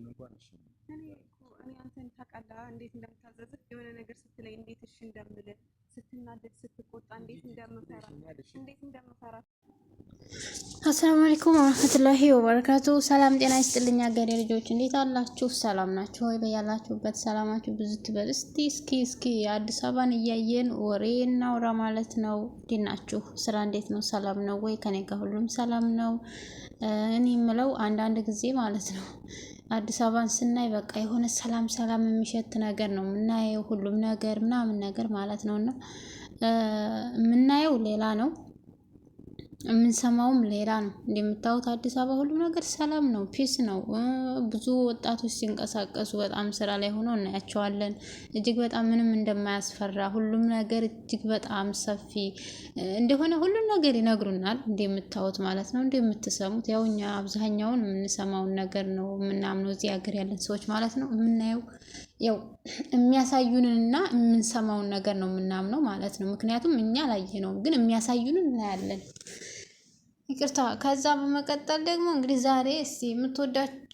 አንተን እንኳን እሺ እኔ እኮ እኔ አንተን ታውቃለህ እንዴት እንደምታዘዝህ የሆነ ነገር ስትለኝ እንዴት እሺ እንደምልህ ስትናደድ ስትቆጣ እንዴት እንደምፈራ እንዴት እንደምፈራ አሰላሙ አለይኩም ወራህመቱላሂ ወበረካቱ። ሰላም ጤና ይስጥልኝ ሀገሬ ልጆች እንዴት አላችሁ? ሰላም ናችሁ ወይ? በያላችሁበት ሰላማችሁ ብዙ ትበል። እስቲ እስኪ እስኪ አዲስ አበባን እያየን ወሬ እናውራ ማለት ነው። እንዴት ናችሁ? ስራ እንዴት ነው? ሰላም ነው ወይ? ከኔ ጋር ሁሉም ሰላም ነው። እኔ የምለው አንዳንድ ጊዜ ማለት ነው አዲስ አበባን ስናይ በቃ የሆነ ሰላም ሰላም የሚሸት ነገር ነው የምናየው፣ ሁሉም ነገር ምናምን ነገር ማለት ነው እና የምናየው ሌላ ነው የምንሰማውም ሌላ ነው። እንደምታዩት አዲስ አበባ ሁሉ ነገር ሰላም ነው፣ ፒስ ነው። ብዙ ወጣቶች ሲንቀሳቀሱ በጣም ስራ ላይ ሆኖ እናያቸዋለን። እጅግ በጣም ምንም እንደማያስፈራ ሁሉም ነገር እጅግ በጣም ሰፊ እንደሆነ ሁሉም ነገር ይነግሩናል። እንደምታዩት ማለት ነው፣ እንደምትሰሙት ያው እኛ አብዛኛውን የምንሰማውን ነገር ነው የምናምነው እዚህ ሀገር ያለን ሰዎች ማለት ነው የምናየው ያው የሚያሳዩንንና የምንሰማውን ነገር ነው የምናምነው ማለት ነው። ምክንያቱም እኛ ላየ ነው ግን የሚያሳዩንን እናያለን። ይቅርታ። ከዛ በመቀጠል ደግሞ እንግዲህ ዛሬ እስቲ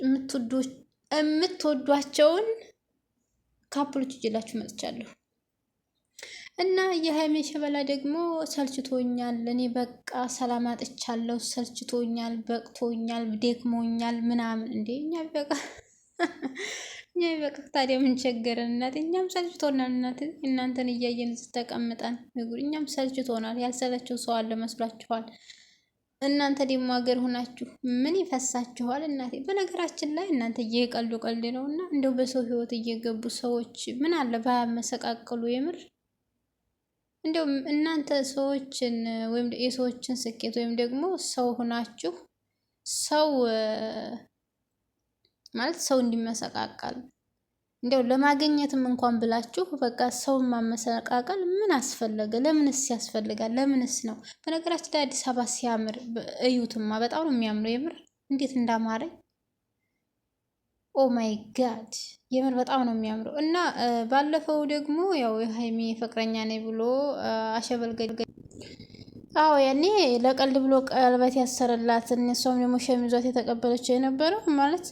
የምትወዷቸውን ካፕሎች እጅላችሁ መጥቻለሁ እና የሀይሜ ሸበላ ደግሞ ሰልችቶኛል፣ እኔ በቃ ሰላም አጥቻለሁ፣ ሰልችቶኛል፣ በቅቶኛል፣ ደክሞኛል ምናምን። እንዴ እኛ ቢበቃ እኛ ቢበቃ ታዲያ ምን ቸገረን እናት? እኛም ሰልችቶናል እናት፣ እናንተን እያየን ተቀምጠን እኛም ሰልችቶናል። ያልሰለችው ሰው አለ መስሏችኋል? እናንተ ደግሞ ሀገር ሆናችሁ ምን ይፈሳችኋል? እናቴ በነገራችን ላይ እናንተ እየቀሉ ቀልድ ነው እና እንደው በሰው ህይወት እየገቡ ሰዎች ምን አለ ባያመሰቃቅሉ። የምር እንደው እናንተ ሰዎችን ወይም የሰዎችን ስኬት ወይም ደግሞ ሰው ሆናችሁ ሰው ማለት ሰው እንዲመሰቃቀል እንዲያው ለማግኘትም እንኳን ብላችሁ በቃ ሰውን ማመሰቃቀል ምን አስፈለገ? ለምንስ ያስፈልጋል? ለምንስ ነው? በነገራችን ላይ አዲስ አበባ ሲያምር እዩትማ፣ በጣም ነው የሚያምረው። የምር እንዴት እንዳማረኝ! ኦ ማይ ጋድ የምር በጣም ነው የሚያምረው። እና ባለፈው ደግሞ ያው የሀይሚ ፍቅረኛ ነኝ ብሎ አሸበልገ አዎ ያኔ ለቀልድ ብሎ ቀለበት ያሰረላት እሷም ደግሞ ሸሚዟት የተቀበለችው የነበረው ማለት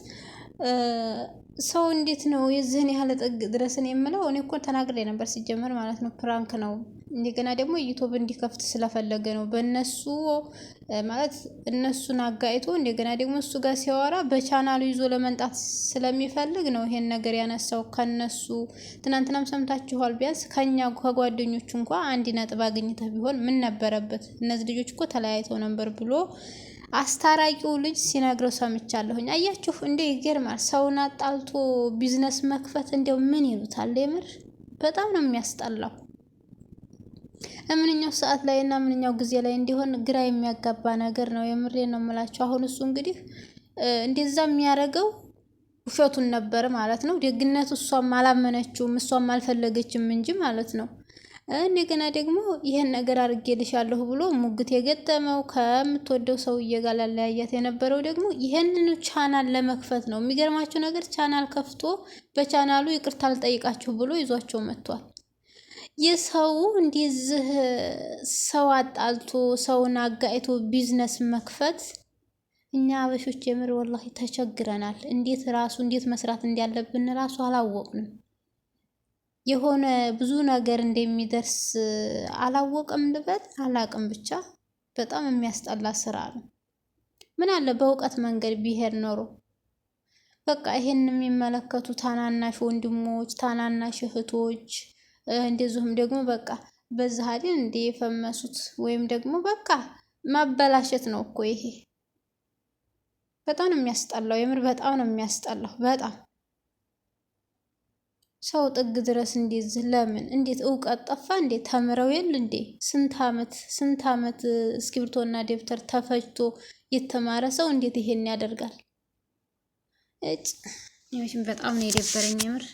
ሰው እንዴት ነው የዚህን ያህል ጥግ ድረስን የምለው? እኔ እኮ ተናግሬ ነበር ሲጀመር ማለት ነው። ፕራንክ ነው። እንደገና ደግሞ ዩቱብ እንዲከፍት ስለፈለገ ነው። በእነሱ ማለት እነሱን አጋይቶ እንደገና ደግሞ እሱ ጋር ሲያወራ በቻናሉ ይዞ ለመንጣት ስለሚፈልግ ነው ይሄን ነገር ያነሳው። ከነሱ ትናንትናም ሰምታችኋል። ቢያንስ ከኛ ከጓደኞቹ እንኳ አንድ ነጥብ አግኝተህ ቢሆን ምን ነበረበት? እነዚህ ልጆች እኮ ተለያይተው ነበር ብሎ አስታራቂው ልጅ ሲነግረው ሰምቻለሁኝ። አያችሁ እንዴ ይገርማል። ሰውን አጣልቶ ቢዝነስ መክፈት እንደው ምን ይሉታል? የምር በጣም ነው የሚያስጠላው። ምንኛው ሰዓት ላይ እና ምንኛው ጊዜ ላይ እንዲሆን ግራ የሚያጋባ ነገር ነው። የምሬ ነው የምላቸው። አሁን እሱ እንግዲህ እንደዛ የሚያደርገው ውሸቱን ነበር ማለት ነው። ደግነት እሷም አላመነችውም እሷም አልፈለገችም እንጂ ማለት ነው። እንደገና ደግሞ ይህን ነገር አድርጌልሻለሁ ብሎ ሙግት የገጠመው ከምትወደው ሰውዬ ጋር ላለያያት የነበረው ደግሞ ይህንኑ ቻናል ለመክፈት ነው። የሚገርማችሁ ነገር ቻናል ከፍቶ በቻናሉ ይቅርታ አልጠይቃችሁ ብሎ ይዟቸው መጥቷል። የሰው እንደዚህ ሰው አጣልቶ ሰውን አጋይቶ ቢዝነስ መክፈት እኛ አበሾች የምር ወላሂ ተቸግረናል። እንዴት ራሱ እንዴት መስራት እንዳለብን ራሱ አላወቅንም። የሆነ ብዙ ነገር እንደሚደርስ አላወቅም ልበል አላቅም፣ ብቻ በጣም የሚያስጠላ ስራ ነው። ምን አለ በእውቀት መንገድ ቢሄድ ኖሮ በቃ ይሄን የሚመለከቱ ታናናሽ ወንድሞች፣ ታናናሽ እህቶች እንደዚሁም ደግሞ በቃ በዛ ሀዲን እንደ የፈመሱት ወይም ደግሞ በቃ ማበላሸት ነው እኮ ይሄ። በጣም ነው የሚያስጠላው፣ የምር በጣም ነው የሚያስጠላው በጣም ሰው ጥግ ድረስ እንዴት ለምን እንዴት እውቀት ጠፋ እንዴ? ተምረው የል እንዴ? ስንት ዓመት ስንት ዓመት እስክሪብቶና ደብተር ተፈጅቶ የተማረ ሰው እንዴት ይሄን ያደርጋል? እጭ በጣም ነው የደበረኝ የምር።